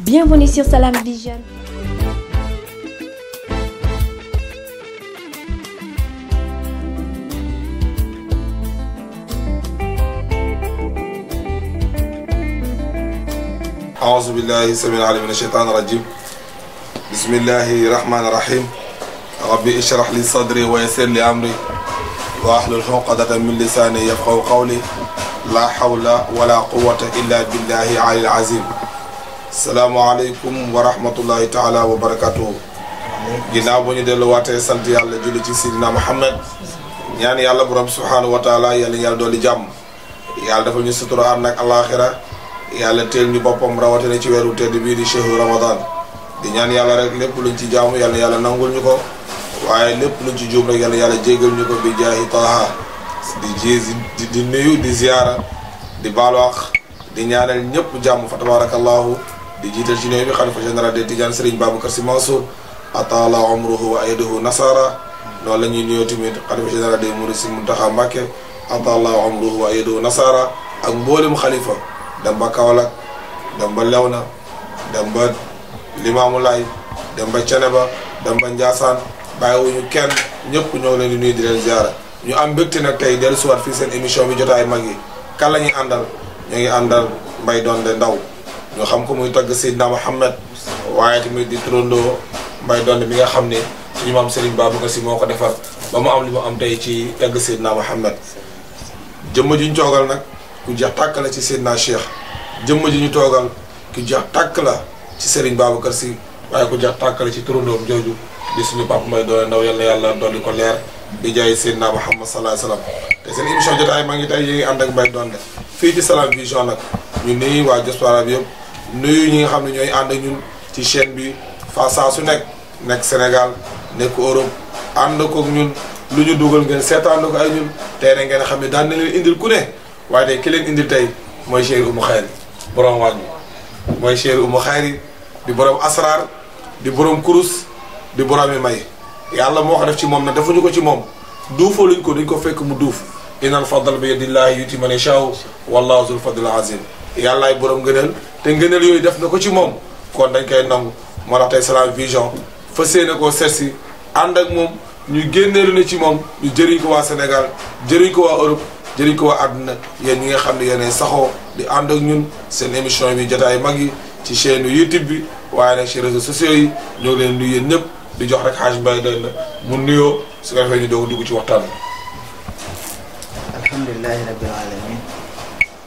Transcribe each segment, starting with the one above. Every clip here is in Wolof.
Bienvenue sur Salam Vision. أعوذ بالله السميع العليم من الشيطان الرجيم بسم الله الرحمن الرحيم ربي اشرح لي صدري ويسر لي أمري واحلل عقدة من لساني يفقهوا قولي لا حول ولا قوة إلا بالله العلي العظيم salaamaaleykum wa rahmatullahi taala wa barakaatu. ginnaaw bu ñu delluwaatee sant yàlla julli ci sidina Muhammad ñaan yàlla borom subhaanahu wa taala yàlla yàlla dolli jàmm. yàlla dafa ñu sutura ànd ak alaaxira yàlla teel ñu boppam rawatina ci weeru tee bii di shahru Ramadan. di ñaan yàlla rek lépp luñ ci jaamu yàlla yàlla nangul ñu ko. waaye lépp luñ ci juum rek yàlla yàlla jéggal ñu ko bi jaahi Taaha di di di nuyu di ziyaara di baalu àq di ñaanal ñëpp jàmm fa tabaarakallaahu di jiital ci ñooy bi xalifa général des Tidiane Serigne Babacar Sy Mansour atala umruhu wa aydahu nasara noonu la ñuy nuyoo tamit xalifa général des Mourides Serigne Mountakha Mbacké atala umruhu wa aydahu nasara ak mboolem xalifa dem ba Kaolack dem ba Léona dem ba Limamoulaye dem ba Ceneba dem ba Ndiassane bàyyiwuñu kenn ñëpp ñëw leen di nuyu di leen ziara ñu am mbégte nag tey dellusiwaat fii seen émission bi jotaay mag yi kan la àndal ñoo ngi àndal Mbaye Donde Ndaw ñu xam ko muy tagg Seydina Muhammad waaye tamit di turandoo mbay doon bi nga xam ne suñu maam Serigne Babacar Sy moo ko defar ba mu am li mu am tey ci tagg Seydina Muhammad jëmm ji ñu toogal nag ku jeex tàkk la ci Seydina Cheikh jëmm ji ñu toogal ku jeex takk la ci Serigne Babacar si waaye ku jeex tàkk la ci turandoom jooju di suñu papa mbay doon ndaw yàlla yàlla dolli ko leer di jaay Seydina Muhammad sallallahu alayhi wa sallam te seen émission jotaay maa ngi tey yi ngi ànd ak mbay doon fii ci Salam Vision nag ñu nuyu waa diaspora bi yëpp nu ñi nga xam ne ñooy ànd ak ñun ci chaîne bi fa saa su nekk nekk Sénégal nekk Europe ànd kook ñun lu ñu dugal ngeen seetaan ko ay ñun tey na a xam ne daan ne leen indil ku ne waaye tey ki leen indil tey mooy Chéri Oumou Khayri borom waañ bi mooy Chéri Oumou Khayri di borom asrar di borom kurus di borom yi may yàlla moo ko def ci moom nag defuñu ko ci moom duufoo luñ ko duñ ko fekk mu duuf innal fadl bi yadillaahi yuti man yashaa wallahu zul fadl azim yàllaay borom gënal te ngëneel yooyu def na ko ci moom kon dañ koy nangu moo tax tey Salam Vision fa yéene koo seet si ànd ak moom ñu génneelu na ci moom ñu jëriñ ko waa Sénégal jëriñ ko waa Europe jëriñ ko waa àdduna yéen ñi nga xam ne yéenay saxoo di ànd ak ñun seen émission bi jotaay mag yi ci chaîne yi bi waaye nag ci réseaux sociaux yi ñoo leen nuyu yéen ñëpp di jox rek xaaj mbay doy na mu nuyoo su ko defee ñu doog dugg ci waxtaan bi. alhamdulilah rabbil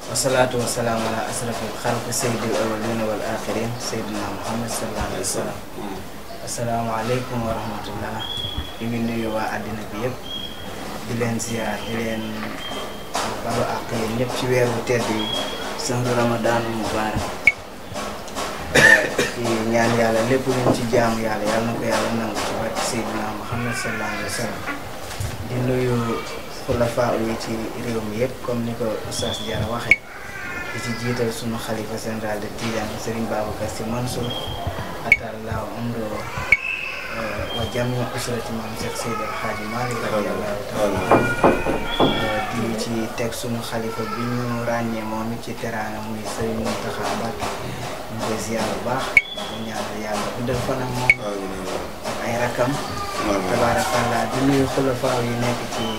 wasalaatu wasalaam ala asrafil xalq sayyidil awwalina wal axirin sayyidina Muhammad sallallahu alayhi wa sallam. asalaamaaleykum wa rahmatullah. ñu ngi nuyu waa àddina bi yëpp. di leen ziar di leen balu àq yéen ñëpp ci weeru tedd yi. yu ramadaanul mubaarak. di ñaan yàlla lépp luñ ci jaamu yàlla yàlla na ko yàlla nangu ci wàcc sayyidina Muhammad sallallahu alayhi wa di nuyu. xulafaa yi ci yëpp comme ni ko Oustaz Diarra waxee di ci jiital sunu xalifa général de Tidiane Serigne Babacar euh, wa jamiu usrati maam Cheikh Seydi El Hadji Malick radiyallaahu taala euh, ci teg sunu xalifa bi ñu ràññee moom ci teraana muy Serigne Mountakha Mbacké ñu koy ziar bu baax ñu moom ay rakam tabaaraka allah di nuyu xulafaa yi nekk ci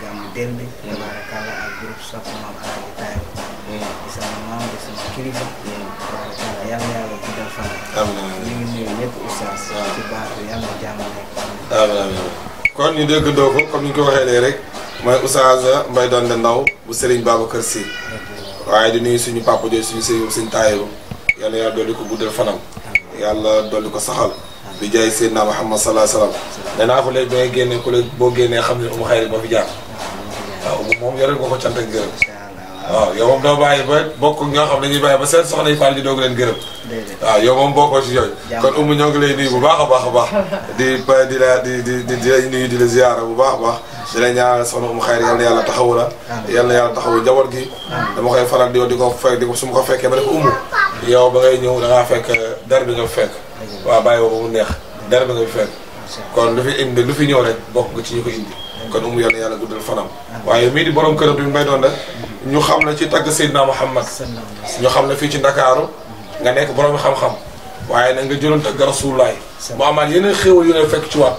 gàmmu Déllé. tabaarakalla ak hmm. hmm. ñu ngi nuyu ko comme ni ñu ko waxee léegi rek mooy oustaz Mbaye da Ndaw bu Serigne Babacar Sy. waaye di nuyu suñu papa jooju suñu sëriñ suñu taayoo yàlla yàlla dolli ko guddal fanam. yàlla dolli ko saxal. bi jaay Seydina Muhammad salaa salaam. danaa ko léegi ba ngay génne ku boo génnee xam ne umu xayri ba fi jaar. waaw moom yore nga ko cant ak gërëm. waaw yow moom doo bàyyi ba bokk ñoo xam ne dañuy bàyyi ba seen soxna yi faal ñu doog leen gërëm. waaw yow moom bokkoo ci yooyu. bu baax a baax baax. di ba di di di di la di la ziyaara bu baax a baax. di la ñaanal soxna umu xayri yal na yàlla taxawu la. yal na yàlla gi. dama koy faral di yow di ko fekk di ko su ma ko fekkee ba def umu. yow ba ngay ñëw da ngaa fekk dara bi nga bàyyi woo ba mu neex dara bi nga fekk kon lu fi indi lu fi ñëw rek bokk nga ci ñu ko indi kon kanum yàlla yàlla guddal fanam waaye mii di borom këram bi mbay doon da ñu xam la ci tagg Seydina Muhammad ñu xam la fii ci Ndakaaru nga nekk borom xam-xam waaye nag nga jëloon tagg Rasulullaay mu amaat yeneen xéewal yu ne fekk ci waat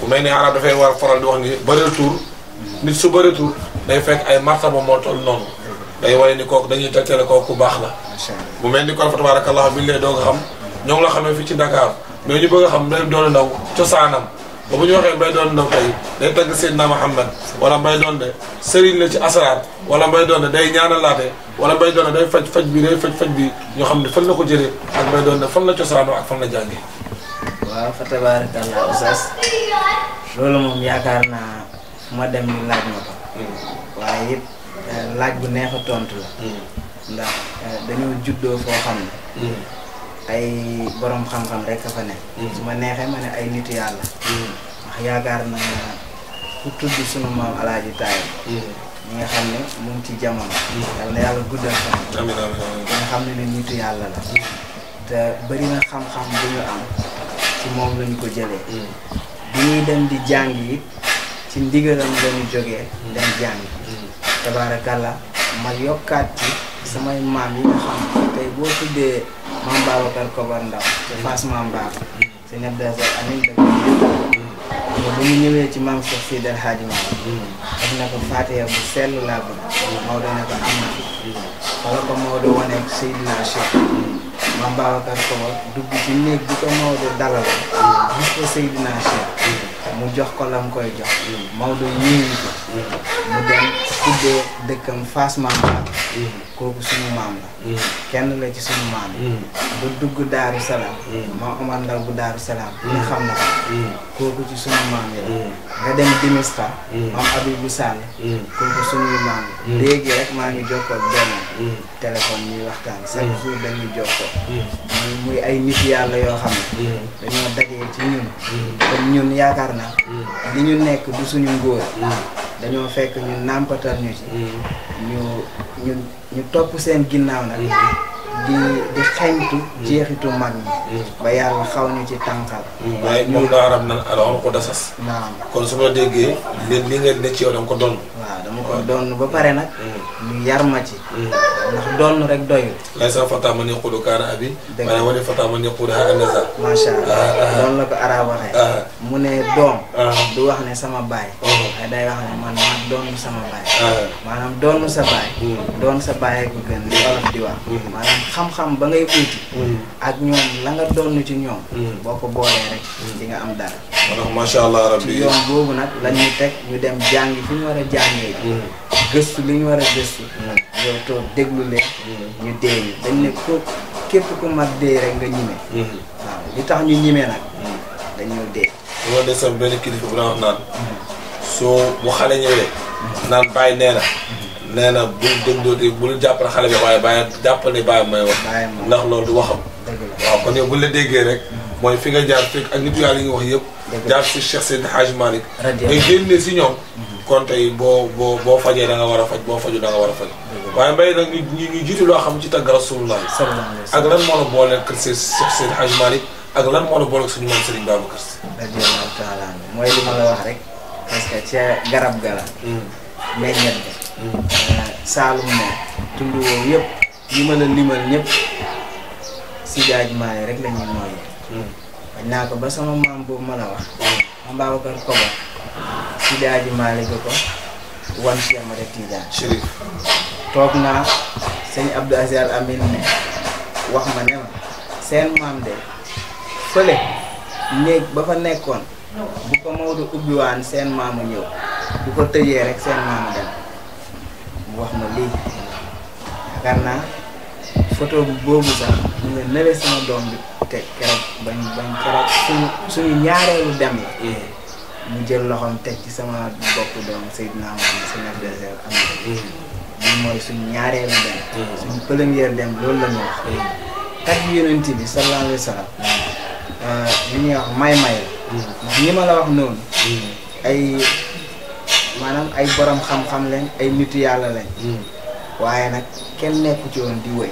bu mel ni arab dafay war faral di wax ni bëreel tuur nit su bëreel tuur day fekk ay martaba moo toll noonu day wane ni kook dañuy tegtale kooku ku baax la bu mel ni kon fa tabaarakallah bi lay doog a xam ñoo ngi la xamee fii ci Dakar mais ñu bëgg a xam même doon ndaw ba bu ñu waxee mbay doon ndaw tey day tagg Seydina Muhammad wala mbay doon de sëriñ la ci asaraar wala mbay doon de day ñaanalaate wala mbay doon de day faj faj bi day faj faj bi ñoo xam ne fan la ko jële ak mbay doon la cosaanoo ak fan la jànge waaw fa tabarakallah yaakaar naa ma dem ni laaj ma ko hmm. waaye it eh, laaj bu neex a tontu la hmm. ndax eh, dañoo juddoo foo xam ne hmm. ay borom xam-xam rek fa ne. Mm-hmm. su ma neexee ma ne ay nitu yàlla. Mm-hmm. yaakaar na ku tudd sunu maam alaaji taayam. Mm-hmm. ñi nga xam ne mu ngi ci jamono. yàlla na yàlla guddal fan. amiin nga xam ne ni nitu yàlla la. te bëri na xam-xam bu ñu am ci moom lañu ko jëlee. bi ñuy dem di jàng yi ci ndigalam lañu jógee. dem jàng. tabaarakalla ma yokkaat ci samay maam yi nga xam tey boo tuddee. Mame Babacar Kobar Ndaw ci Fass Mame Baba si nekk des heures amin dëgg bu ñëwee ci maam Cheikh Seydi El dugg ci néeg bi ko Maodo dalal gis ko Seydina Cheikh mu jox ko lam koy jox Maodo yéeyi ko mu dem tuddee dëkkam Fass maam la mm. kooku suñu maam la mm. kenn la ci suñu maam yi mm. bu dugg daaru salaam maa Omar Ndaw bu daaru salaam ñu xam na kooku ci suñu maam yi la nga dem Dimista léegi rek maa ngi jokkoo benn téléphone ñuy waxtaan chaque jour dañuy ko muy ay nit yàlla yoo xam ne dañoo dajee ci ñun kon ñun yaakaar naa li ñu nekk du suñu ngóor dañoo fekk ñu nàmpatal ñu ci. Mm-hmm. ñu ñu ñu topp seen ginnaaw nag. Mm-hmm. di di xeñtu. Mm-hmm. jeexitu mag ñi. ba yàlla xaw ñu ci tànqal. waaye ñun daa rab nan alors ko dasas. naam kon su ma déggee leen li nga ne ci yow da nga ko doon. waaw dama ko doon ba pare nag. ñu yar ma ci. Mm. ndax doon rek doyul. laysa fata man yaqulu kaana abi. dëgg ah, ah, ah. la wala fata man yaqulu ha anasa. macha allah mu ne doom. wax ne sama baay. waaye day man maa doonu sama baay. maanaam doonu sa baay. doon sa baay ko gën li olof di wax. Mm. maanaam xam-xam ba ngay uti. Mm. ak ñoom la nga doon ci ñoom. boo ko boolee rek di nga am dara. moo tax macha allah rabbi yoon boobu nag lañuy ñuy teg ñu dem jàngi fi ñu war a jàngee. Hmm. gëstu li ñu war a gëstu. Hmm. yow toog déglu leen. Hmm. ñu dee ñu dañ ne ko képp ku mag dee rek nga ñime. waaw li tax ñu ñime nag. dañoo dee. li ma des sama benn kilifa bu na wax soo bu xale ñëwee. naan bàyyi nee na. nee na bul déglu bul jàppale xale bi waaye bàyyi jàppale ne bàyyi may wax. ndax loolu du waxam. waaw kon yow bu la déggee rek. mooy fi nga jaar fekk ak ni yàlla yi nga yëpp. jàpp si Cheikh Seydina Hadj Malick nga génne si ñoom mhm. kon tey boo boo boo fajee da nga war a faj boo faju da nga war a faj waaye mbay nag ñu ñu jiitu loo xam ci tagg rasulullah ak lan moo la boole kër si Cheikh Seydina Hadj Malick ak lan moo la boole suñu moom Serigne Babacar Sy radiyallahu taala mooy li ma la wax rek parce que ca garab gala mm. meññet bi mm. euh, saalum ne tund woowu yëpp ñi mën a limal ñëpp si jaaj maale rek la ñuy mooyee mm. bañ naa ko ba sama maam boobu ma la wax ma Babacar Koba si daaji Malick ko wan Cheikh Ahmada Tidiane Chérif toog naa sëñ Abdou Aziz Amin wax ma ne ma seen maam de fële néeg ba fa nekkoon bu ko Maodo ubbiwaan seen maamu ñëw bu ko tëjee rek seen maamu dem mu wax ma lii yaakaar naa photo bu boobu sax mu nga nële sama doom bi teg keroog bañ bañ keroog suñu ñaareelu dem la. mu jël loxoom teg ci sama bopp doom Seydina Mohamed seen adversaire am na. moom mooy suñu ñaareelu dem. suñu première dem loolu la ñu wax. tagg yonent bi sallallahu alayhi wa euh, ñuy wax may-may la. ndax ma la wax noonu. ay maanaam ay borom xam-xam lañ ay nitu yàlla lañ. waaye nag kenn nekku ci woon di wëy.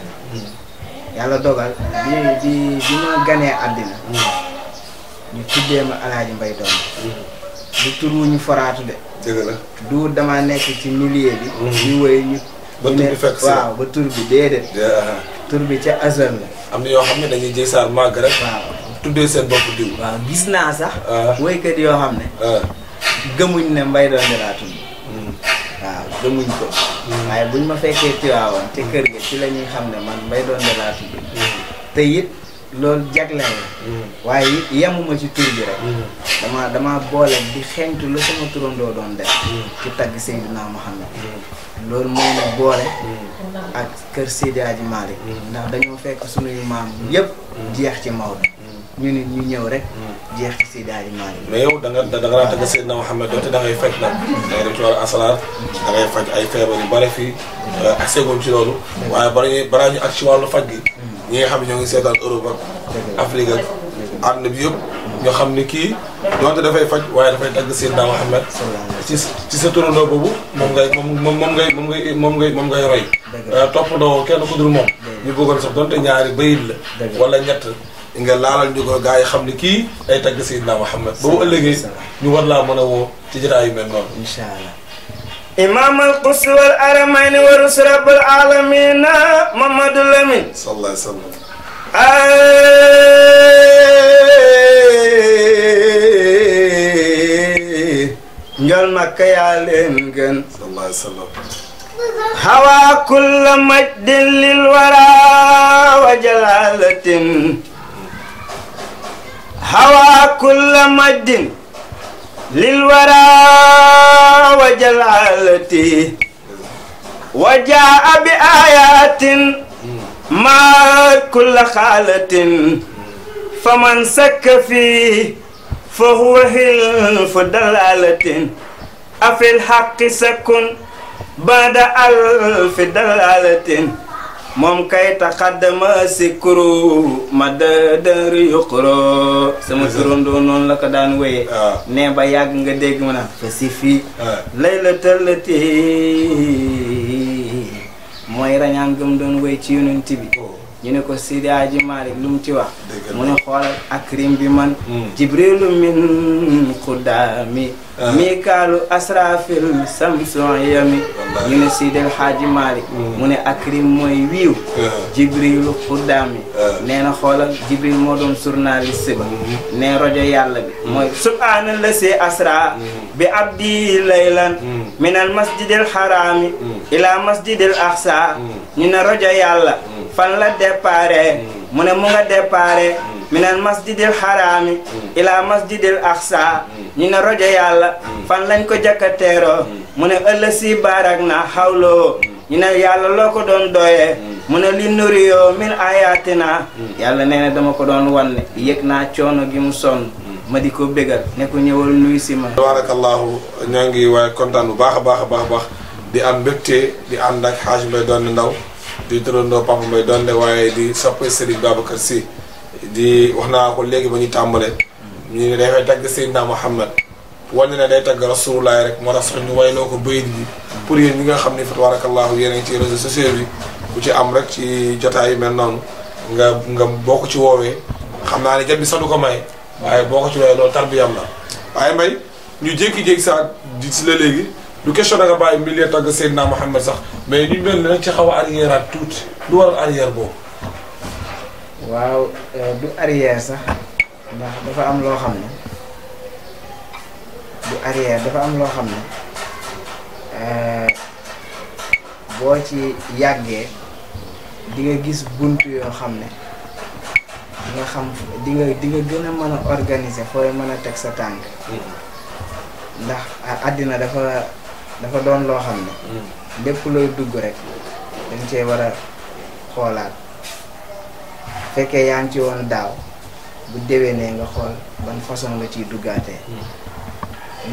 yàlla dogal bi bi bi ma ganee àddina ñu tuddee ma alaaji mbay doom mm-hmm. du tur wu ñu foraatu de du dama nekk ci milieu bi ñu mm-hmm. woy ñu ba tur bi fekk waaw tur bi déedéet ah, ah. tur bi ca asal la am na yoo xam ne dañuy jëy saar màgg rek waaw tuddee seen bopp diw waaw gis naa sax ah. woykat yoo xam ne gëmuñ ne mbay doon di waaw gëmuñ ko. waaye buñ ma fekkee Tiwaawan te kër gi ci la ñuy xam ne man mbay doon laa tudd. te it loolu jagle la. waaye it yemuma ci tur bi rek. dama dama boole di xeeñtu la sama turandoo doon def. ci tagg Seydina Muhammad. loolu moo ñu boole. ak kër Seydi Hadji Malick. ndax dañoo fekk sunuy maam yëpp jeex ci Maodo. ñu nit ñu ñëw rek. Hmm. jeex ci si daal di mais yow da nga da nga daan tëgg Seydina Mouhamed doonte da ngay faj nag. da def ci wàllu asalaar. da ngay faj ay feebar yu bare fii. Euh, ci loolu. waaye bara ñuy ak ci wàllu faj gi. ñi nga xam ne ñoo ngi seetaan Europe ak. xam ni kii doonte dafay faj waaye dafay tagg Seydina Mouhamed ci ci sa turandoo boobu moom ngay moom moom ngay moom ngay moom ngay moom ngay roy euh, toppandoo kenn ku dul moom ñu bëggoon sax doonte ñaari bayit la wala ñett nga laalal ñu ko gaa yi xam ne kii ay tagg Seydina Muhammad ba mu ëllëgee ñu war laa mën a woo ci jotaay yu mel noonu incha allah imam alquds wal aramayni wa rusul rabbul alamina Mamadou Lamine sallallahu alayhi wa sallam njol makka yaa leen gën sallallahu alayhi wa sallam hawa kulla majdin lil wara wa jalalatin هوى كل مجد للورى وجلالته وجاء بآيات ما كل خالة فمن سك فيه فهو هلف دلالة أفي الحق سكن بعد ألف دلالة moom kay taxaddama sikru ma dëdër yuqro sama turandoo noonu la ko daan wéyee ah. nee ba yàgg nga dégg ma naan fa si fii ah. lay la tëllati mooy rañaan gëm doon wéy ci yonent bi oh. ñu ne ko Sidi Aji Malick lu ci wax mu ne xoolal akrim bi man hmm. jibrilu min xuddaami ah. mikaalu asrafil samson yami ñu ne Sidi El Hadji Malick hmm. mu ne akrim mooy wiiw ah. jibrilu xuddaami ah. nee na xoolal jibril moo doon journaliste ba hmm. ne rojo yàlla bi mooy subhaana la si asra bi abdi laylan min al masjidil harami ila masjidil aqsa ñu ne rojo yàlla fan la déparé mm. mu ne mu nga déparé mm. minal masjidil xaraami mm. ila masjidil axsa ñi ne rojo yàlla fan lañ ko jëkka mu ne ëllë si naa xawloo ñi ne yàlla loo ko doon doyee mu ne li nuriyoo min naa yàlla nee na dama ko doon wanne yëg naa coono gi mu sonn ma di ko bégal ne ko ñëwal nuyu si ma tabaarakallaahu ñaa ngi waaye kontaan bu baax a baax a baax a baax di am mbégte di ànd ak xaaj mbay doon ndaw di turandoo Papa Mbaye Donde waaye di soppe Serigne Babacar si di wax naa ko léegi ba ñu tàmbalee. ñu ne dafay tagg Seydina Mouhamed wane ne day tagg Rasulullah rek moo tax sax ñu wayloo ko bayit bi pour yéen ñi nga xam ne fa tabarakallahu yéen a ngi ci réseaux sociaux bi ku ci am rek ci jotaay yu mel noonu nga nga boo ko ci woowee xam naa ne jot bi sax du ko may waaye boo ko ci woowee loolu tarbiyam la waaye may ñu jékki-jékki saa di si la léegi du question da nga bàyyi milieu tagg Seydina Mouhamed sax mais ñu mel ni ci xaw a arrière ak tuuti lu waral arrière boobu. waaw euh, du arrière sax ndax dafa am loo xam ne. du arrière dafa am loo xam ne euh, boo ci yàggee di nga gis bunt yoo xam ne di nga xam di nga di nga gën a mën a organiser fooy mën a teg sa tànk mm-hmm. ndax àddina dafa dafa doon loo xam ne mm-hmm. lépp looy dugg rek dañ cee war a xoolaat fekkee yaa ngi ci woon daaw bu dewee déwénee nga xool ban façon la ciy duggaatee hmm.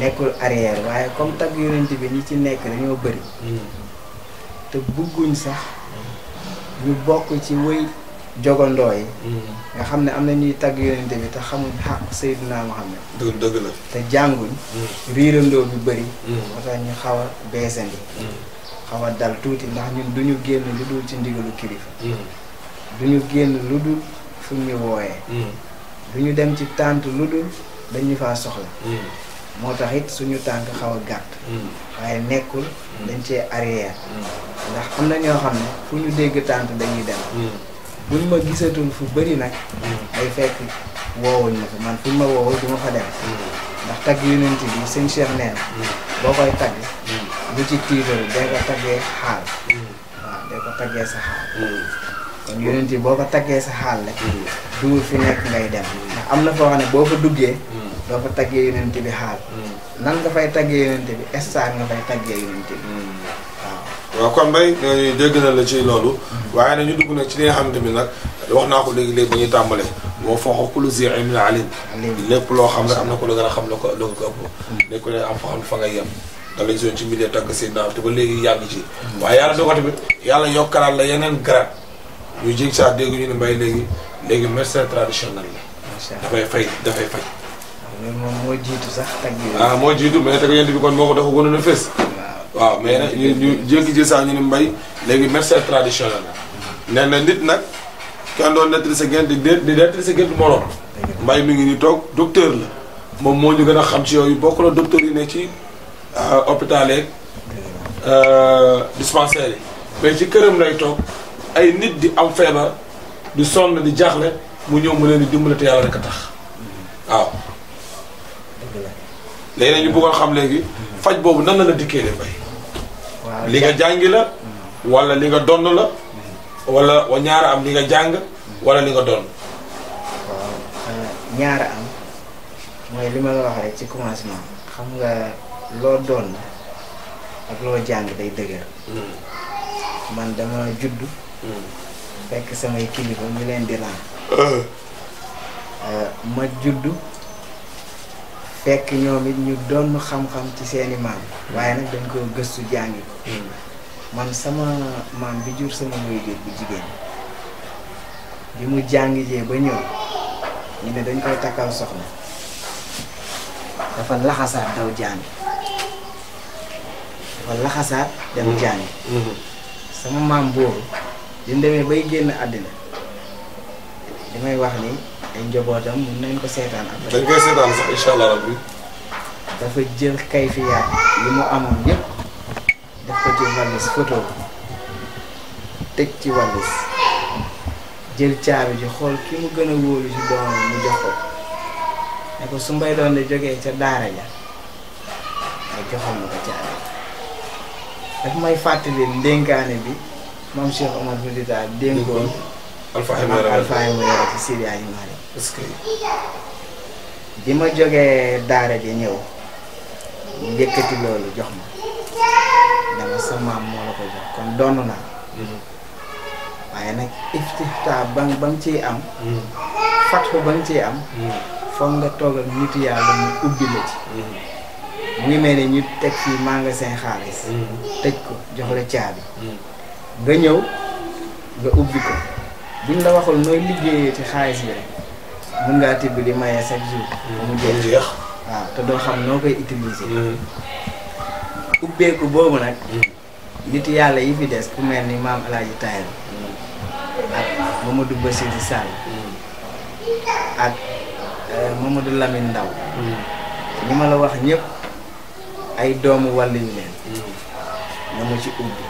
nekkul arrière waaye comme tag yonent bi ñi ci nekk dañoo bari hmm. te bugguñ sax ñu bokk ci wuy jogandoo yi hmm. nga xam ne am na ñuy tagg yonent bi te xamuñ xàq Seydina Muhammad dëgg dëgg la te jànguñ riirandoo bi bëri moo tax ñu xaw a beesandi xaw a dal tuuti ndax ñun duñu génn lu dul ci ndigalu kilifa. Hmm. du ñu génn lu dul fu ñu wooyee. Hmm. du dem ci tànt lu dul dañu faa soxla. Hmm. moo tax it suñu tànk xaw a gàtt. waaye nekkul dañ cee arrière. ndax am na ñoo xam ne fu ñu dégg tànt dañuy dem. bu ma gisatul fu bari nag. day fekk woowuñ ma fa man ma woowul du ma fa dem. ndax tagg yonent bi sëñ Cheikh nee boo koy tagg. lu ci tiitoo dee ko taggee xaal waaw dee ko taggee sa xaal mm. kon yonent yi boo ko taggee sa xaal rek mm. duur fi nekk ngay dem mm. am na foo xam ne boo ko duggee doo fa taggee yonent bi xaal nan nga fay taggee yonent bi instant nga fay taggee yonent bi waaw kon bay dégg na la ci loolu mm-hmm. waaye nañu dugg nag ci li nga xamante bi nag wax naa ko léegi-léegi ba ñu tàmbale boo fooxo kulu zi ilmin alim lépp loo xam ne am na ko la a xam la ko la ko ëpp am fa xam fa ngay yem da lay zone ci milieu tànk Seydina te ba léegi yaa ngi ci. waaye yàlla dogal tamit yàlla yokkalaat la yeneen grade ñu jig saa dégg ñu ne mbay léegi léegi médecin traditionnel la. macha allah fay dafay fay. moom moo jiitu sax tag ah moo jiitu mais tag yent bi kon moo ko dafa gënoon a fees. waaw mais ñu ñu jékki-jékki saa ñu ne mbay léegi médecin na nit nag kenn doon nettali sa gént di di nettali sa gént moroom. mbay mi ngi ni toog docteur la. moom moo ñu gën a xam si yooyu bokk la docteur yi ne ci. Euh, hôpital yeeg euh, dispensaire yi mais ci këram lay toog ay nit di am feebar di sonn di jaaxle mu ñëw mu leen di dimbali te yàlla rek a tax waaw léegi nag ñu bëggoon xam léegi faj boobu nan la la dikkee leen bay li nga jàngi la wala li nga donn la wala ñaara am li nga jàng wala li nga donn ñaara am mooy li ma la wax rek ci commencement xam nga loo doon ak loo jàng day dëgër hmm. man dama judd hmm. fekk samay kilifa ñu leen di naan uh-huh. euh, ma judd fekk ñoom it ñu doon xam-xam ci seeni maam waaye nag dañ ko gëstu jàngi hmm. man sama maam bi jur sama waajur bu jigéen bi mu jàngi jee ba ñëw ñu ne dañ koy takkal soxna dafa laxasaat daw jàngi wala laxasaar dem jàngi sama maam boobu di demee bay génn àddina li wax ni ay njabootam mun nañ ko seetaan après. dañ jël kayfiyaat li mu amoon yëpp def ko ci valise photo teg ci valise jël caabi ji xool ki mu gën a mu jox ne ko su mbay doon de jógee ca daara ja nga joxoon na ko caabi. daf may fàttali ndénkaane bi moom Cheikh Omar ma jógee daara ji ñëw mu loolu jox ma dama sa maam moo la ko jox kon donn naa. Mhm. waaye nag iftifta ba ba mu ciy am. Mhm. fatxu ba mu ciy am. Mhm. foog nga toog ak nitu yàlla mu ubbi la ci. mu ngi mel ni ñu teg fii magasin xaalis. Mm. tëj ko jox la caabi. Mm. nga ñëw nga ubbi ko buñ la waxul nooy liggéeyee ci xaalis bi rek mun ngaa tibb di maye chaque jour. Mm. waaw te doo xam noo koy utiliser. ubbeeku boobu nag. nit yàlla yi fi des ku mel ni maam El Hadj Taïl ak Mamadou Bassirou Sall ak euh, Mamadou Lamine Ndaw ñi ma la wax ñëpp. ay doomu wàlliñ leen mm-hmm. na ci ubbi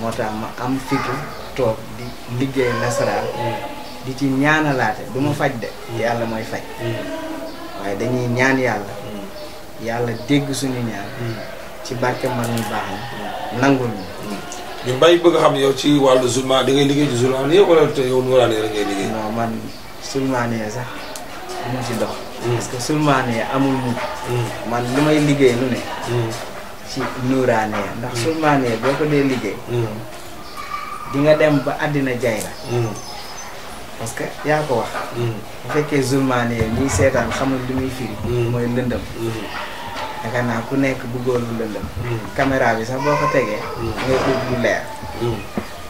moo tax am fitu toog di liggéey nasaraan mm-hmm. di ci ñaanalaate du ma faj de mm-hmm. yàlla mooy faj waaye dañuy ñaan yàlla yàlla dégg suñu ñaan ci barke man ñu baax na nangul ñu ñu mbay bëgg xam ne yow ci wàllu zulmaan da ngay liggéey ci zulmaan yow wala te yow nuuraane rek ngay liggéey non man zulmaan sax mu ci dox Mm. parce que sulmaane amul mujj mm. man li may liggéey lu ne mm. ci nuuraane ndax sulmaane boo ko dee liggéey di nga dem ba àddina jay la parce que yaa ko wax bu fekkee sulmaane ñuy seetaan xamul li muy firi mooy lëndëm yaakaar naa ku nekk bëggoo lu lëndëm caméra bi sax boo ko tegee ngay bëgg lu leer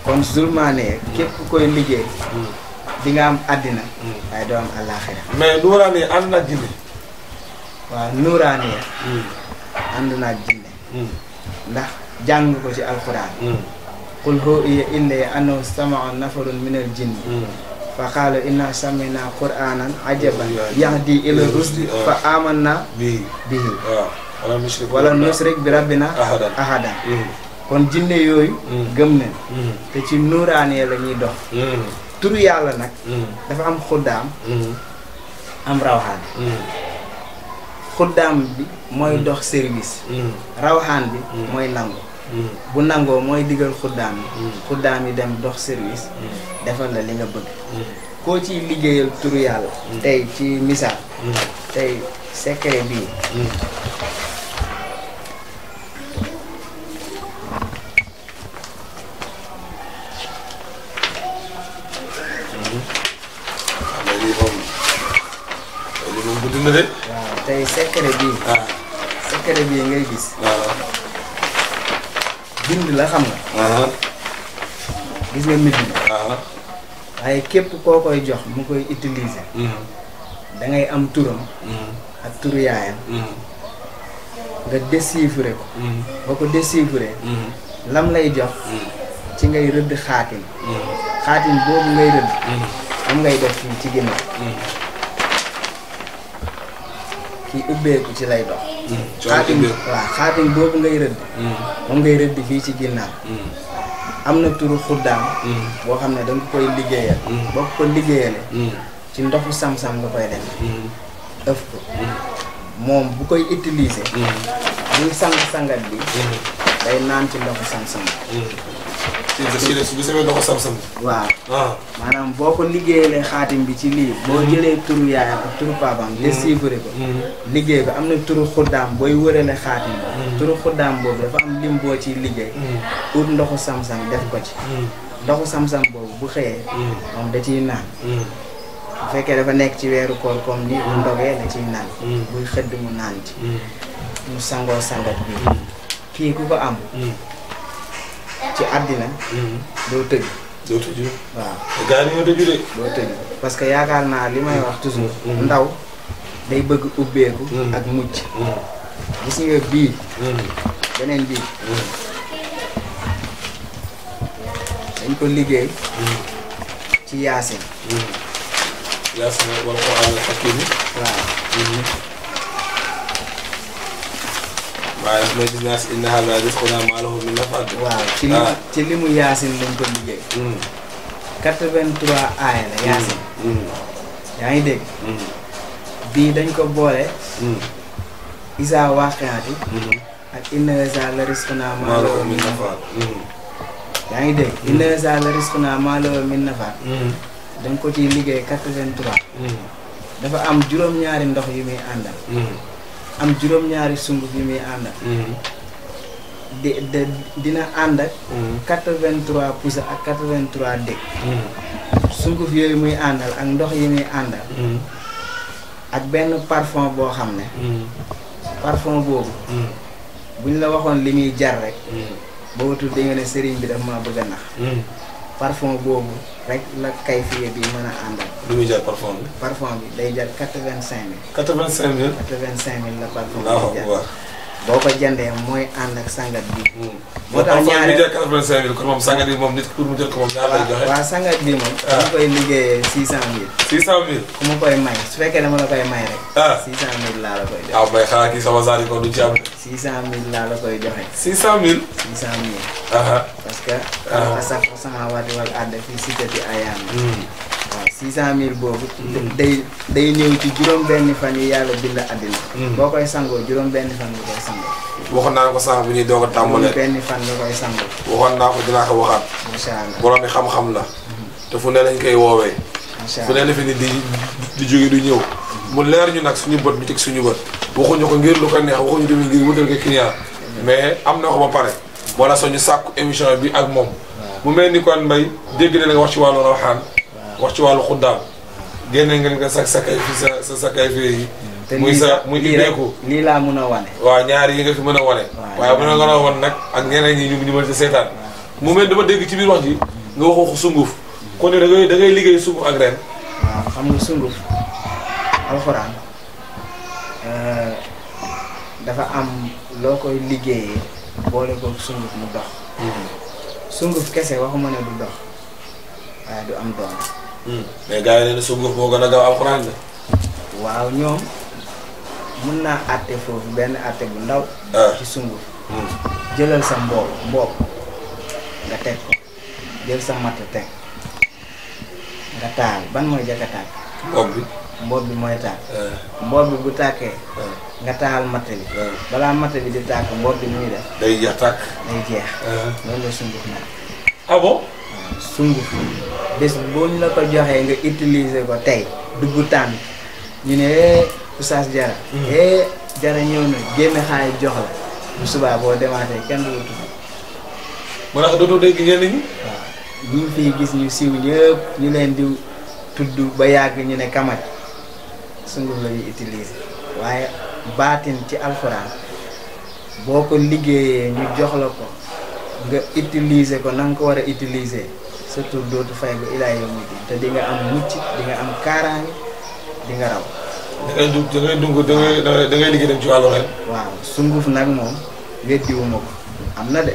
kon sulmaane képp koy liggéey di am àddina. waaye doo am mais nuuraani ànd hmm. ànd naa jinne. Hmm. ndax jàng ko ci alxuraan. Hmm. qul huwa indi annahu stamaa nafarun min al jinni. fa qaalu inna samina qur'aanan ajaban yahdi ila rusdi fa amanna bihi bihi. Ah. wala nusrik bi rabbina ahadan kon jinne yooyu. gëm nañ. te ci nuuraani la ñuy dox. turu yàlla nag. Mm. dafa am xuddaam. Mm. am rawxaan. Mm. xuddaam bi mooy dox service. rawxaan bi mooy nangu. bu nangoo mooy diggal xuddaam yi. xuddaam yi dem dox service. defal la li nga bëgg. koo ciy liggéeyal turu yàlla. tey ci misaal. tey secret bii. na de. waaw tey secret bii. waaw ah. bii ngay gis. Ah. bind la xam nga. Ah. gis nga mbir mi. waaye képp koo koy jox mu koy utiliser. Hmm. da am turam. Hmm. ak turu yaayam. Hmm. nga déchiffrer ko. boo ko déchiffrer. lam lay jox. ci ngay rëdd xaatim. xaatim boobu ngay rëdd. am ngay def fii ci ginnaaw. kii ubbeeku ci lay dox. Mm. xaatim waaw xaatim boobu ngay rëdd. Mm. moom ngay rëdd fii ci ginnaaw. Mm. am na turu xuddaam. boo xam ne da koy liggéeyal. boo ko liggéeyale ci ndoxu sam-sam nga koy def. ëf moom bu koy utiliser. buy sang sangat bi. day naan ci ndoxu sam-sam. si bu samee ndoxu sam-sam waaw ah. maanaam boo ko liggéeyalee xaatim bi ci lii boo jëlee turu yaayam ak turu papaam te mm-hmm. siifure ko mm-hmm. liggéey bi am na turu xuddaam booy wërale xaatim bi mm-hmm. turu xuddaam boobu dafa am lim boo ci liggéey ut ndoxu sam-sam def ko ci ndoxu sam boobu bu xëyee moom da ciy naan bu fekkee dafa nekk ci weeru koor comme ni bu ndogee da ciy naan buy xëdd mu naan ci mu sangoo sangat bi kii ku ko am ci àddina. Mm-hmm. doo tëj. waaw. gars parce que yaakaar naa li may wax toujours. Mm-hmm. ndaw day bëgg ubbeeku. Mm-hmm. ak mujj. gis bii. beneen bii. dañ ko liggéey. ci yaasin. yaasin wala ko àll ak kii bi. waaw. waaye mooy gis si inna allah des naa maa la min nafaat. waaw ci li ah. ci li mu yaasin lañ ko liggéey. 83 hmm. aaya la yaasin. Hmm. Hmm. yaa ngi dégg. bii dañ ko boole. isa waaqeati. ak inna la risque naa maa la min yaa ngi dégg inna la risque naa maa la min dañ ko ciy liggéey 83. dafa am juróom-ñaari ndox yu muy àndal. am juróom-ñaari sunguf yi muy ànd ak mhm. di dina ànd ak mhm. quatre-vingt-trois pousa ak quatre-vingt-trois dég mhm. sunguf yooyu muy àndal ak ndox yi muy àndal ak benn parfon boo xam ne parfum boobu buñ la waxoon li muy jar rek boobatul da nga ne sëriñ bi daf maa bëgg a nax parfum boobu rek la kay fii bi mën a àndal. lu muy jar parfum bi. parfum bi day jar quatre vingt cinq mille. quatre vingt cinq mille. quatre vingt cinq mille la parfum bi jar. boo ko jëndee mooy ànd ak sangat bi. Hmm. moo tax ñaari moo tax mu jël moom sangat bi moom nit pour mu jël ko moom ñaar lay joxe. waaw sangat bi moom. waaw ah. mu su fekkee dama la koy may rek. 600000 ah. laa la koy joxe. waaw ah, mais xanaa kii sama saari ko du ci am. 600000 laa la koy joxe. 600000. 600000. parce que. waaw dafa sax sama waati waaw six cent mille boobu day day néew ci juróom benn fan yi yàlla bind àddina hmm. boo koy sangoo juróom benn fan nga koy sangoo waxoon naa ko sànq bi ñuy a tàmbalee benn fan ko dinaa ko waxaat allah borom bi xam-xam la hmm. te fu ne lañ koy woowee fu ne la fi ni di di jóge du ñëw mu leer ñu nag suñu bët ñu teg suñu bët waxuñu ko ngir lu ko neex waxuñu tamit ngir wutal ko client mais am na ko ba pare wala soo ñu sàkku émission bi ak moom mu mel ni kon mbay dégg na nga wax ci wàllu rawxaan wax ci wàllu xuddaam génne ngeen ko sa sakay fi sa sa sakay fi muy sa muy ibbeeku lii laa mën a wane waaw ñaari yi nga fi mën a wane waaye mën a nga nag ak ñeneen ñi ñu ñu mën ci seetaan mu mel dama ci biir wax ji nga waxu sunguf kon ne da ngay da liggéey sunguf ak ren waaw xam nga sunguf alxuraan euh, dafa am loo koy liggéeyee boole ko sunguf mu dox hmm. sunguf kese waxuma ne du dox waaye du am doon mais gars yi ne sunguf moo gën a gaaw alxuraan de. waaw ñoom mun naa àtte foofu benn àtte bu ndaw. Ah. ci sunguf hmm. jëlal sa mboob mboob nga teg ko jël sa matt teg nga taal ban mooy jëkk a tàkk. mboob bi. mooy tàkk. Ah. mboob bi bu tàkkee. Ah. nga taal matt bi. balaa matt bi di tàkk mboob bi muy def. day jeex tàkk. day jeex. loolu sunguf nag. ah sunguf. bés boo ñu la ko joxee nga utiliser ko tey dugg tànn ñu ne eh, Oustaz Diarra mm. e eh, Diarra ñëw na génne xaalis jox la bu subaa boo demaatee kenn du tudd moo tax dootoo dégg ñenn ñi waaw ñu gis ñu siiw ñëpp ñu leen di tudd ba yàgg ñu ne kamaj sunguf la ñu waaye baatin ci alxuraan boo ko liggéeyee ñu jox la ko nga utiliser ko na nga ko war a utiliser sa tur dootu fay ba ilaa yawmi diin te di am mucc di nga am kaaraange di nga raw. da ngay dugg da ngay dugg da ngay da ngay liggéey dem sunguf nag moom weddiwuma na de.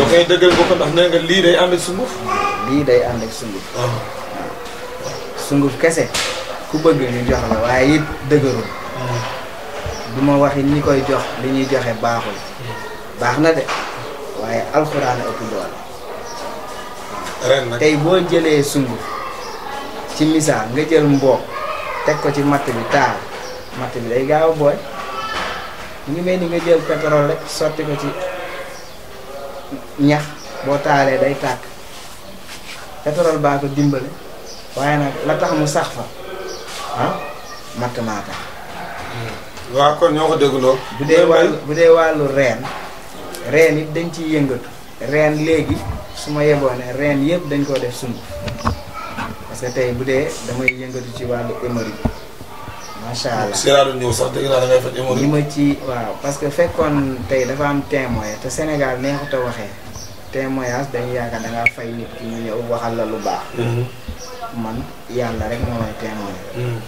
yow lii day ànd ak sunguf. lii day ànd ak sunguf. Ah. sunguf kese ku bëgg ñu jox la waaye it dëgërul. Hmm. du ma waxi ñi koy jox li ñuy joxe baaxul. Hmm. baax na de waaye alxuraan ëpp tey boo jëlee sunguf ci misaal nga jël mboq teg ko ci matt bi taal matt bi day gaaw a booy mu ngi mel ni nga jël pétrole rek sotti ko ci ñax boo taalee day tàkk pétrole baa ko dimbale waaye nag la tax mu sax fa ah matt maa tax hmm. waaw kon ñoo ko dégguloo bu wàllu bu dee wàllu reen reen it dañ ci yëngatu reen léegi su ma yeboo reen yëpp dañ koo def sunguf parce que tey bu dee damay yëngatu ci wàllu hémorroïde macha allah Sira ma ci waaw parce que fekkoon tey dafa am témoin te Sénégal neexut a waxee témoignage dañu yaakaar da fay nit ki mu ñëw waxal la lu baax. Mhm. man yàlla rek moo may témoin. Mhm.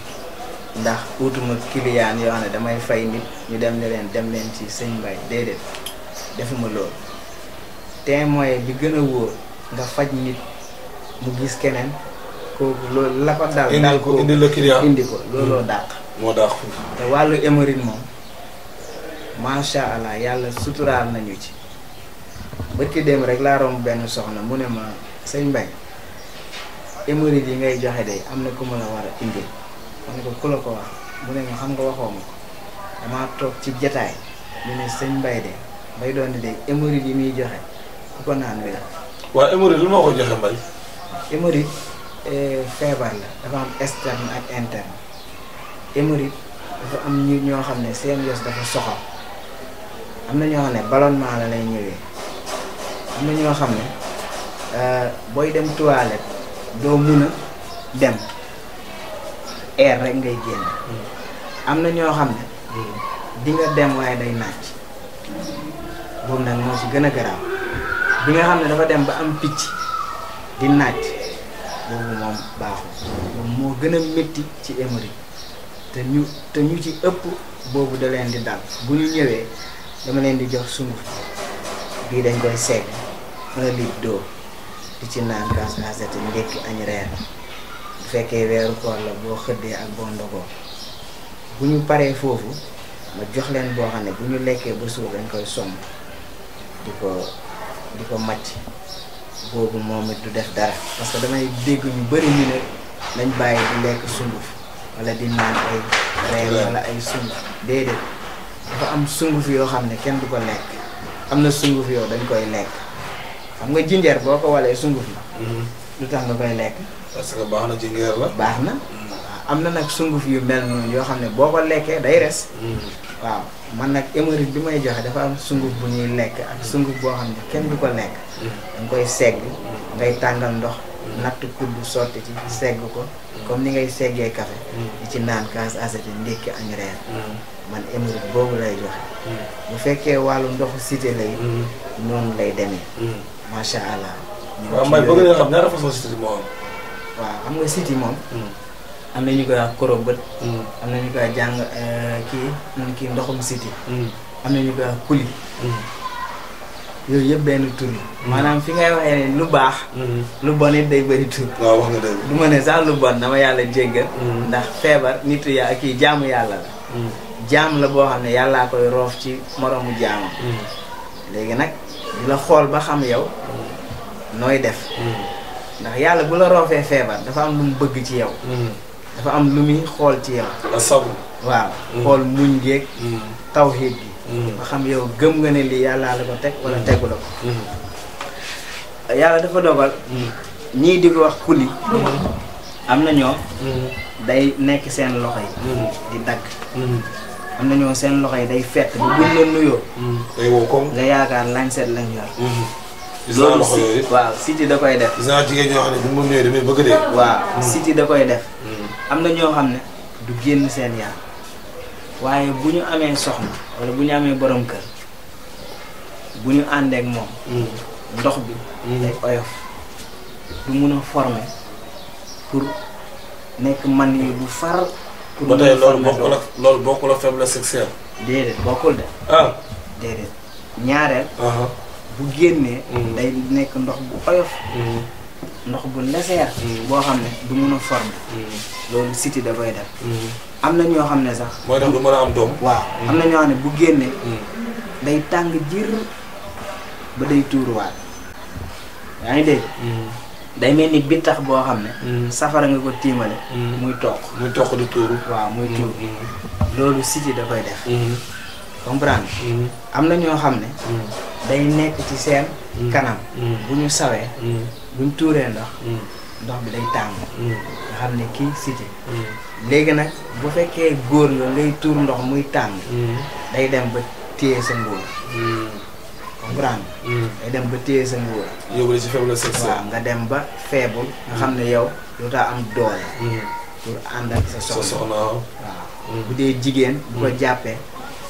ndax utuma kiliyaan yoo xam ne damay fay nit ñu dem ne leen dem leen ci sëñ Mbaye déedéet defuma loolu. te témoin bi gën a wóor nga faj nit mu gis keneen kooku loolu la ko dal dal ko indi la client indi hmm. dàq moo dàq te wàllu hémorroïde moom yàlla suturaal nañu ci bërki dem rek laa benn soxna mu ne ma sëñ Mbaye hémorroïde yi ngay joxe de am na ku ma la war a indil ma ne ko ku la ko wax mu ne ma xam nga waxoo ma ko damaa toog ci jataay mu ne sëñ Mbaye de bay doon de hémorroïde yi muy joxe ku ko naan wér. waaw hémorroïde lu moo ko joxe mbay. hémorroïde eh, feebar la dafa am externe ak interne hémorroïde dafa am ñoo xam ne seen yos dafa soxal am na ñoo xam ne ballonnement la lay ñëwee am na ñoo xam ne eh, booy dem toilette doo mun rek ngay génn na ñoo xam nga dem waaye day nàcc boobu nag moo ci gën a garaaw. bi nga xam ne dafa dem ba am picc di naaj boobu moom baaxul moom moo gën a métti ci émeri te ñu te ñu ci ëpp boobu da leen di dal bu ñu ñëwee dama leen di jox sunguf bii dañ koy segg un litre d'eau ci naan gas gasete ndékki añ reer bu fekkee weeru koor la boo xëddee ak boo ndogoo bu ñu paree foofu ma jox leen boo xam ne bu ñu lekkee ba suur dañ koy somb di ko di ko matt boobu moom it du def dara parce que damay dégg ñu bëri ñu ne nañ bàyyi di lekk sunguf wala di naan ay reen wala ay sunguf déedéet dafa am sunguf yoo xam ne kenn du ko lekk am na sunguf dañ koy lekk xam nga jinjeer boo ko walee sunguf yi mm-hmm. lu tax nga koy lekk parce que baax na jinjeer la baax na mm-hmm. am na nag sunguf yu mel noonu yoo xam ne boo ko lekkee day res mm-hmm. waaw man nag hémorroïde bi may joxe dafa am sunguf bu ñuy nekk ak sunguf boo xam ne kenn du ko lekk danga koy segg ngay tàngal ndox natt kudd sotti ci segg ko comme ni ngay seggee café di ci naan kaas asati ndékki añ reer man hémorroïde boobu lay joxe bu fekkee wàllu ndoxu cité lay noonu lay demee macha allah waaw man bëgg naa xam ñaata façon cité moo am waaw xam nga siti moom hmm. am na ñu koy wax korobët. Mm. am na ñu koy wax jàng euh, kii kii ndoxum siti. Mm. am na ñu koy wax kuli. Mm. yooyu yëpp benn tur la. maanaam fi ngay waxee ne lu baax. lu bon it day bëri tur. waaw wax nga dëgg du ma ne lu bon dama yàlla jéggal. ndax feebar nit ya kii jaamu yàlla la. jaam la boo xam ne yàllaa koy roof ci moroomu jaamam. léegi nag la xool ba xam yow. nooy def. ndax yàlla bu la roofee feebar dafa am lu bëgg ci yow. dafa am lu muy xool ci yow. waaw mm. xool muñ geeg. Mm. tawxiid gi. nga mm. xam yow gëm nga ne li yàllaa la ko teg wala tegu la ko. yàlla dafa dogal. ñii di ko wax kuli. am na ñoo. day nekk seen loxo yi. di dagg. am na ñoo seen loxo yi day fett bu buñ la nuyoo. day ko nga yaakaar lañ seet lañu yor. gis naa loxo loolu si siti da koy def. gis naa jigéen ñoo xam ne bu mu ñëwee damay bëgg dee. waaw siti da koy def. am na ñoo xam ne du génn seen yaram waaye bu ñu amee soxna walla bu ñu amee borom kër bu ñu àndeek moom mm. ndox bi mm. day oyof du mun a former pour nekk man yi bu far pour ba tey loolu bokkul ak loolu bokkul ak faiblesse déedéet bokkul de ah déedéet ñaareel bu génnee mm. day nekk ndox bu oyof ndox bu ndeseer mm. boo xam ne du mun a former mm. loolu siti da koy def mm. am na ñoo xam ne sax mooy tax du mën a am doom waaw am na ñoo xam ne bu génnee day tàng jir ba day tuuruwaat yaa ngi dégg day mel ni bittax boo xam ne safara nga ko tiimale muy toq muy toq di tuuru waaw muy tuuru loolu siti da koy def comprendre mm-hmm. am na ñoo xam ne mm-hmm. day nekk ci seen mm-hmm. kanam bu ñu sawee buñ tuuree ndox ndox bi day tàng nga xam ne kii cité léegi nag bu fekkee góor nga ngay tuur ndox muy tàng day dem ba téye sa ngóor comprendre day dem ba téye sa ngóor yóbbu ci faible sexuel waaw nga dem ba faible nga xam ne yow dootoo am doole pour ànd ak sa soxna waaw bu dee jigéen bu ko jàppee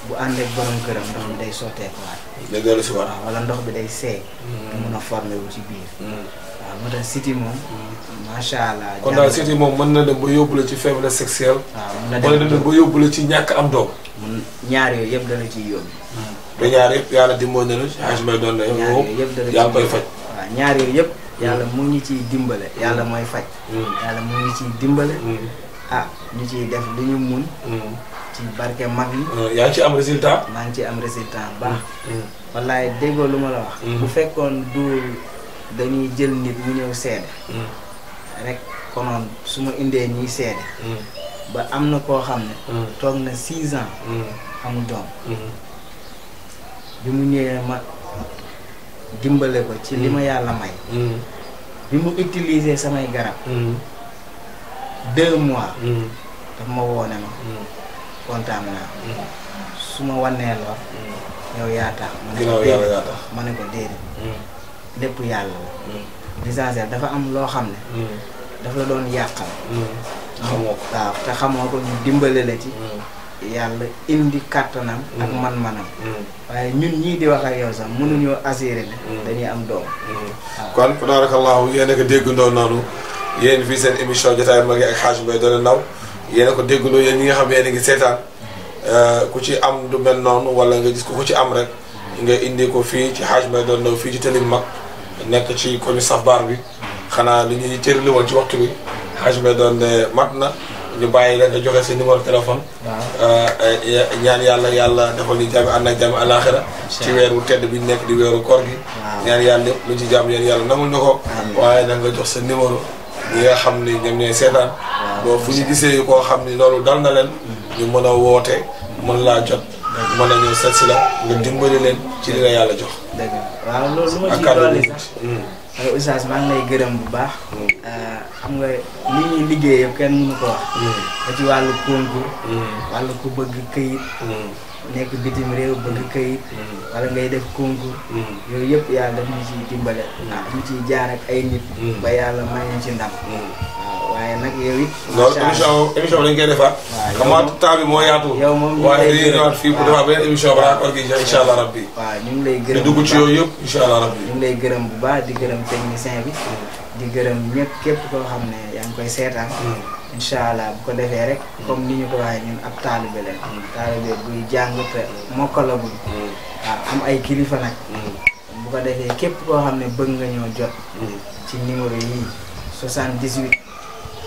bu àndeek borom këram ndox bi day sotteeku waat. day dellu si waat waaw ndox bi day seey. Mm. mun a formé wu ci biir. Mm. waaw moo tax cité moom. Mm. macha allah kon daal cité moom mën na dem ba yóbbu la ci faiblesse sexuelle. waaw mën na dem wala ba yóbbu la ci ñàkk am doom. ñaar yooyu yëpp dana ciy yóbbu. te ñaar yàlla dimbali na la. waaw may doon na yow yaa ngi faj. ñaar yooyu yëpp. yàlla mu ngi ciy dimbale. yàlla mooy faj. yàlla mu ngi ciy dimbale. ah ñu ciy def lu ñu mun. ci barke mag yi. Euh, yaa ngi ci am résultat. maa ngi ci am résiltant baax. Mm. Mm. wallaay déggoo lu ma la wax. Mm. bu fekkoon du dañuy jël nit mu ñëw seede. rek konoon su ma indee ñuy seede. ba am na koo xam ne. toog na six ans. amul doom. bi mu ñëwee ma dimbale ko ci li ma yàlla may. bi mu utiliser samay garab. deux mois. daf ma woone ma. kontaan naa. Mm. su ma wannee lor. Mm. yow yaa tax. ginnaaw yàlla yaa tax ma ne ko déedéet mm. lépp yàlla la. dafa am loo xam ne. daf la doon yàqal. xamoo waaw te xamoo ko ñu dimbale la ci. yàlla indi kàttanam. ak man-manam. waaye ñun ñii di wax ak yow sax mënuñoo assuré ne. dañuy am doom. kon tabaarakallahu yéen a ko déggandoo noonu yéen fii seen émission jotaay mag ak xaaj Mbaye doole ndaw. yéen ko ko déggloo yéen ñi nga xam yéen a ngi seetaan euh, ku ci am du mel noonu wala nga gis ko ku ci am rek nga indi ko fii ci xaaj may doon daw fii ci tëlim mag nekk ci koñu saf bi xanaa li ñuy cërli woon ci waxtu bi xaaj may mat na ñu bàyyi la nga joxe sa numéro téléphone euh, ñaan yàlla yàlla defal ñu jàmm ànd ak jàmm alaxira ci weeru tedd bi nekk di weeru koor gi ñaan yàlla lépp lu ci jàmm yéen yàlla nangul ñu waaye da nga jox seen numéro ñi nga xam ne ñoom ñooy seetaan boo fu ñu gisee koo xam ni loolu dal na leen ñu mën a woote mën laa jot mën a la nga dimbali leen ci li la yàlla jox dëgg waaw loolu lu ma ci hmm. maa ngi lay gërëm bu baax hmm. ah, xam nga li ñuy liggéey yëpp kenn mënu ko wax da hmm. ci wàllu concours wàllu ku bëgg këyit nekk bitim réew bëgg kayit wala ngay def concours yooyu yëpp yàlla daf ñu ciy dimbale ñu ciy jaar ak ay nit ba yàlla may ñu ci ndam waaye nag yow it. émission émission dañ koy defaat. xam nga bi moo moom waaye dañuy ñëwaat fii pour defaat beneen ñu ngi lay gërëm bu baax dugg ci yooyu yëpp incha allah lay gërëm bu baax di gërëm technicien bi. di gërëm ñëpp képp koo xam ne yaa ngi koy seetaan. Hmm. incha bu ko defee rek. Hmm. comme ni ñu ko waxee ñun ab taalibe la. Hmm. taalibe buy jàng te mokkalagul. waaw am ay kilifa nag. bu ko defee képp koo xam ne bëgg nga ñoo jot. ci numéro yii 78.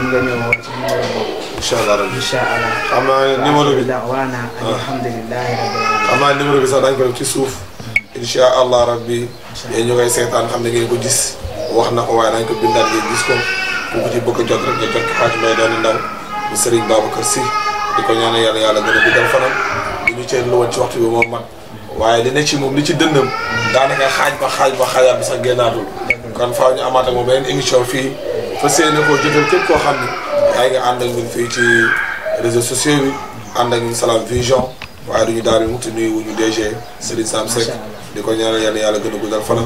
mën nga ñëwoon ci numéro boobu. bi daawaana ah. alhamdulilahi rabbil alamin. xam naa numéro bi sax daañu ko ci suuf. incha allah rabbi. yéen ñu koy seetaan xam ne ko gis. wax na ko waaye dañ ko bindaat ngeen gis ku ko ci a jot rek nga jot ko xaaj may doon ndaw mu Serigne Babacar Sy di ko ñaanal yàlla yàlla gën a guddal fanam li ñu cee lu woon ci waxtu bi moom mag waaye li ne ci moom li ci dëndam daanaka xaaj ba xaaj ba xaajaat bi sax génnaatul kon faaw ñu amaat ak moom fii fas yéene koo jotal képp koo xam ne yaa ngi ànd ak ci réseaux sociaux yi ànd ak ñun Salam Vision waaye du ñu daal di mukk nuyu wu ñu DG Serigne Sam Seck di ko ñaanal yàlla yàlla gën a guddal fanam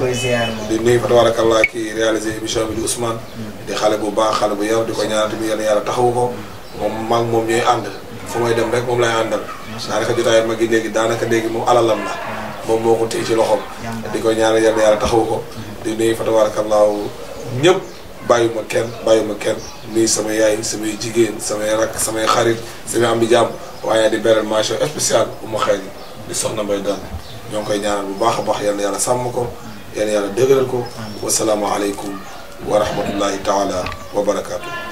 di nuyu fa tabarakallah ki réalisé bi di Ousmane hmm. di xale bu baax xale bu yar di ko ñaanal tamit yàlla yàlla taxawu ko moom maag moom ñooy ànd hmm. fu may dem rek moom lay àndal daanaka jotaay mag yi léegi daanaka léegi moom alalam hmm. moom moo ko ci loxoom di ko ñaanal yàlla yàlla taxawu ko di nuyu fa tabarakallah ñëpp bàyyuma kenn bàyyuma kenn nuyu sama yaay samay jigéen samay rakk samay xarit samay am di jàmm waaye di beral mention spéciale bu ma xëy di soxna Mbaye Daan ñoo ngi koy ñaanal bu baax a baax yal na yàlla sàmm ko yal na yàlla dëgëral ko. wasalaamaaleykum wa rahmatullahi taala wa